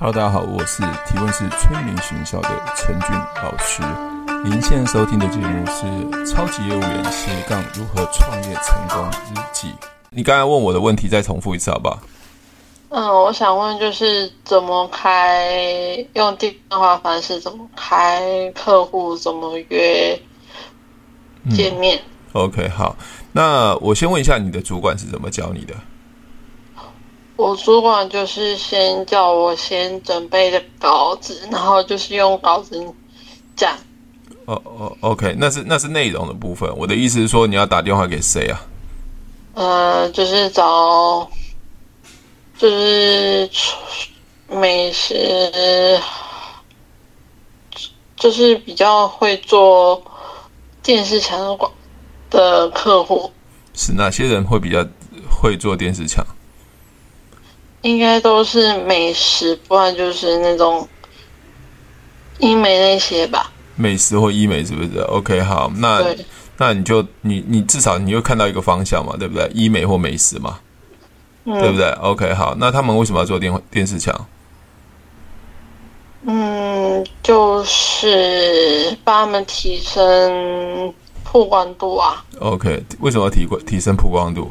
Hello，大家好，我是提問是催眠學校的陳俊老師。您現在收聽的節目是，是《超級業務員斜槓如何創業成功日記》。你剛才問我的問題，再重複一次好不好？嗯、呃，我想問就是怎麼開用電話方式，怎麼開，怎麼開客戶，怎麼約見面。嗯。OK，好，那我先問一下你的主管是怎麼教你的？我主管就是先叫我先準備的稿子，然後就是用稿子講。哦哦，oh，OK，那是那是內容的部分。我的意思是說，你要打電話給誰啊？呃，就是找，就是美食，就是比較會做電視牆的客戶。是哪些人會比較會做電視牆？應該都是美食，不然就是那種醫美那些吧。美食或醫美是不是？OK，好，那對那你就你你至少你又看到一個方向嘛，對不對？醫美或美食嘛，嗯、對不對？OK，好，那他們為什麼要做電電視牆？嗯，就是幫他們提升曝光度啊。OK，為什麼要提過提升曝光度？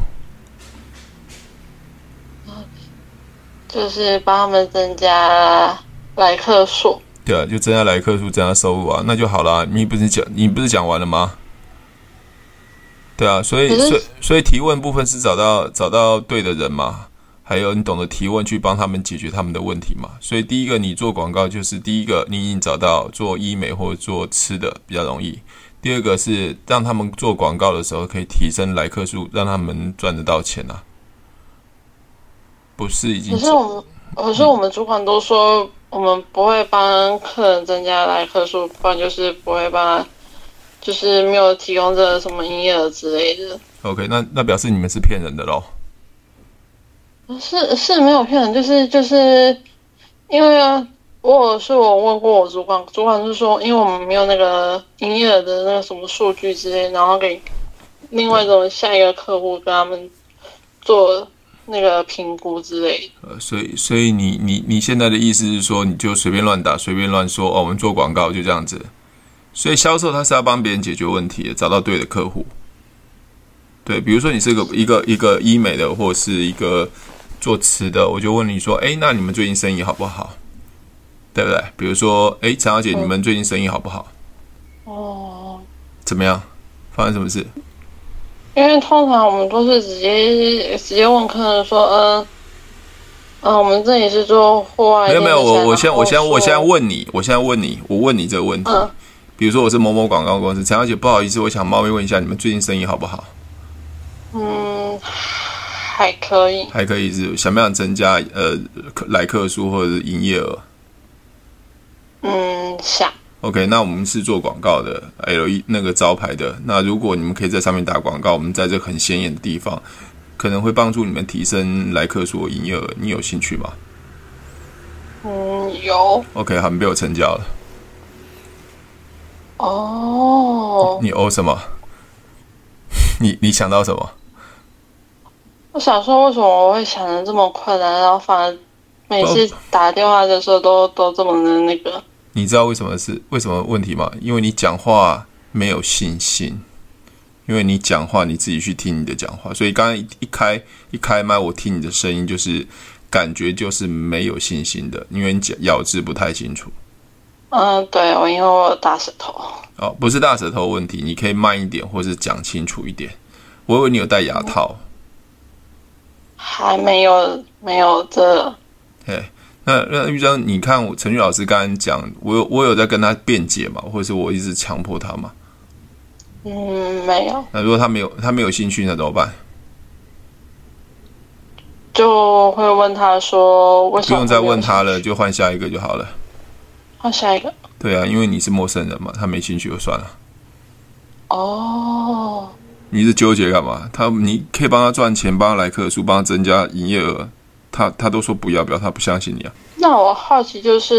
就是幫他們增加來客數，對啊，就增加來客數，增加收入啊，那就好啦。你不是講，你不是講完了嗎？對啊，所以，是所以所以提問部分是找到找到對的人嘛，還有你懂得提問去幫他們解決他們的問題嘛。所以第一個你做廣告就是第一個你已經找到做醫美或者做吃的比較容易，第二個是讓他們做廣告的時候可以提升來客數，讓他們賺得到錢啊。不是已經？可是我們，嗯、可是我們主管都說，我們不會幫客人增加來客數，不然就是不會幫，就是沒有提供這個什麼營業額之類的。OK，那那表示你們是騙人的咯。是，是沒有騙人，就是就是因為啊，我是我問過我主管，主管就說，因為我們沒有那個營業額的那個什麼數據之類，然後給另外一種下一個客戶跟他們做。嗯那個評估之類，呃，所以所以你你你現在的意思是說，你就隨便亂打，隨便亂說哦。我們做廣告就這樣子，所以銷售他是要幫別人解決問題，找到對的客戶。對，比如說你是個一個一個醫美的，或者是一個做瓷的，我就問你說，哎，那你們最近生意好不好？對不對？比如說，哎，陳小姐，嗯、你們最近生意好不好？哦，怎麼樣？發生什麼事？因為通常我們都是直接直接問客人說，嗯、呃呃，我們這裡是做戶外沒有沒有我我先我先我先，我先問你，我先問你，我問你這個問題，呃、比如說我是某某廣告公司陳小姐，不好意思，我想冒昧問一下，你們最近生意好不好？嗯，還可以，還可以是想不想增加呃客來客數或者營業額？嗯，想。OK，那我們是做廣告的，LE 那個招牌的。那如果你們可以在上面打廣告，我們在這很顯眼的地方，可能會幫助你們提升來客數和營業額。你有興趣嗎？嗯，有。OK，他們被我成交了。哦，哦。你哦什麼？ 你你想到什麼？我想說，為什麼我會想的這麼困難？然後反而每次打電話的時候都、哦、都這麼的那個。你知道為什麼是為什麼問題嗎？因為你講話沒有信心，因為你講話，你自己去聽你的講話，所以剛剛一,一開一開麥，我聽你的聲音就是感覺就是沒有信心的，因為你咬、咬字不太清楚。嗯、呃，對，我因為我有大舌頭。哦，不是大舌頭問題，你可以慢一點，或是講清楚一點。我以為你有戴牙套。還沒有，沒有這。嘿那那玉珍，啊、你看我，陳玉老師剛剛講，我有我有在跟他辯解嘛，或者是我一直強迫他嘛？嗯，沒有。那、啊、如果他沒有他沒有興趣，那怎麼辦？就會問他說：“為什麼？不用再問他了，就換下一個就好了。”啊換下一個。對啊，因為你是陌生人嘛，他沒興趣就算了。哦。你是糾結幹嘛？他你可以幫他賺錢，幫他來客數，幫他增加營業額。他他都說不要不要，他不相信你啊。那我好奇就是，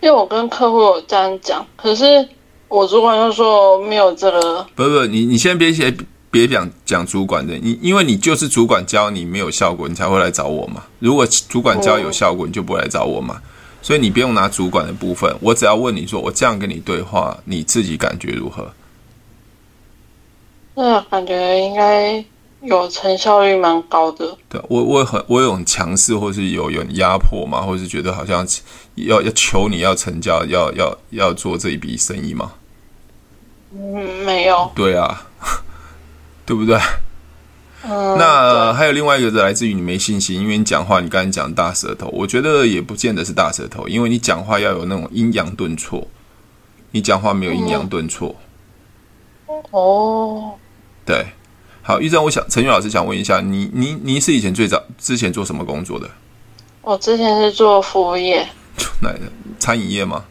因為我跟客戶有這樣講，可是我主管又說沒有這個，不不你你先別別別講講主管的，你因為你就是主管教你沒有效果，你才會來找我嘛。如果主管教有效果，嗯、你就不會來找我嘛。所以你不用拿主管的部分，我只要問你說，我這樣跟你對話，你自己感覺如何？那感覺應該。有成效率蠻高的。對，我我很我有很強勢，或是有有壓迫嘛，或是覺得好像要要求你要成交，嗯、要要要做這一筆生意嗎？嗯，沒有。對啊， 對不對？嗯。那對還有另外一個的，是來自於你沒信心，因為你講話，你剛才講大舌頭，我覺得也不見得是大舌頭，因為你講話要有那種陰陽頓挫，你講話沒有陰陽頓挫。嗯、哦。對。好，玉珍，我想陳玉老師想問一下，你你你是以前最早之前做什麼工作的？我之前是做服務業。哪的餐飲業嗎？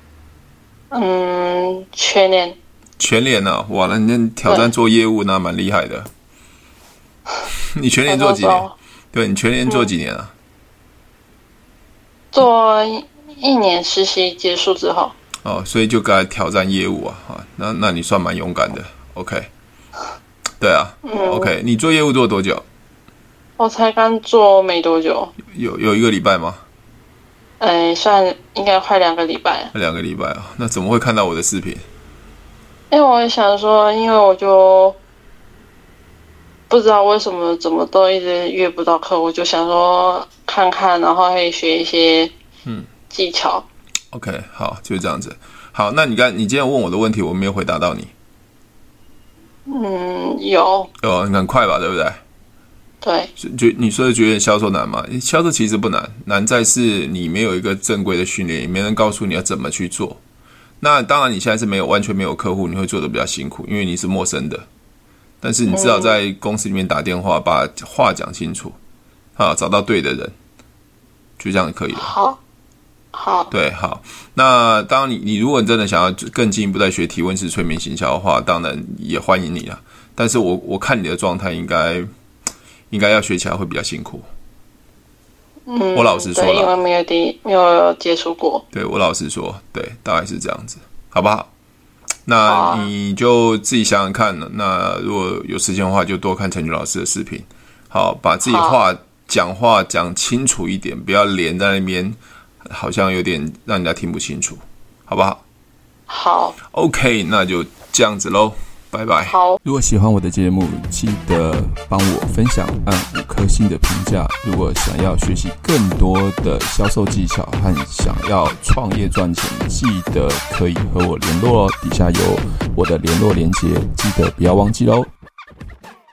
嗯，全年，全年呢、啊？哇，那你挑戰做業務對那蠻厲害的。 你全年做幾年？對你全年做幾年啊？嗯、做一年實習結束之後、嗯。哦，所以就該挑戰業務啊？好，那那你算蠻勇敢的。OK。對啊，嗯，OK，嗯你做業務做多久？我才剛做沒多久，有有一個禮拜嗎？哎、欸，算應該快兩個禮拜，快兩個禮拜啊，那怎麼會看到我的視頻？因為、欸、我想說，因為我就不知道為什麼怎麼都一直約不到客戶，我就想說看看，然後可以學一些嗯技巧嗯。OK，好，就是這樣子。好，那你剛你今天問我的問題，我沒有回答到你。嗯，有有、oh, 很快吧，對不對？對，覺你說的覺得銷售難嘛？銷售其實不難，難在是你沒有一個正規的訓練，也沒人告訴你要怎麼去做。那當然，你現在是沒有完全沒有客戶，你會做的比較辛苦，因為你是陌生的。但是你至少在公司裡面打電話，把話講清楚，嗯、啊，找到對的人，就這樣就可以了。好。好對，好。那當你你如果你真的想要更進一步再學提問式催眠行銷的話，當然也歡迎你啊。但是我我看你的狀態，應該應該要學起來會比較辛苦。嗯，我老實說，因為沒有沒有接觸過。對，我老實說，對，大概是這樣子，好不好？那好你就自己想想看。那如果有時間的話，就多看陳菊老師的視頻。好，把自己話好講話講清楚一點，不要連在那邊。好像有點讓人家聽不清楚，好不好？好，OK，那就這樣子嘍，拜拜。好，如果喜歡我的節目，記得幫我分享，按五顆星的評價。如果想要學習更多的銷售技巧，和想要創業賺錢，記得可以和我聯絡哦，底下有我的聯絡連結，記得不要忘記哦。